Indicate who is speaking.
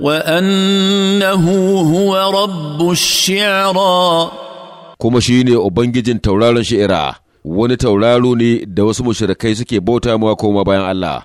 Speaker 1: وأنه هو rabbu الشعرى
Speaker 2: kuma shi ne Ubangijin tauraron shi'ira, wani tauraro ne da wasu mushrikai
Speaker 3: suke bauta mawa koma bayan Allah.